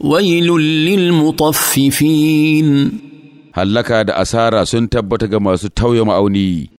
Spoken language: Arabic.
ويل للمطففين هل لك أسارة سنتبت كما ستو أوني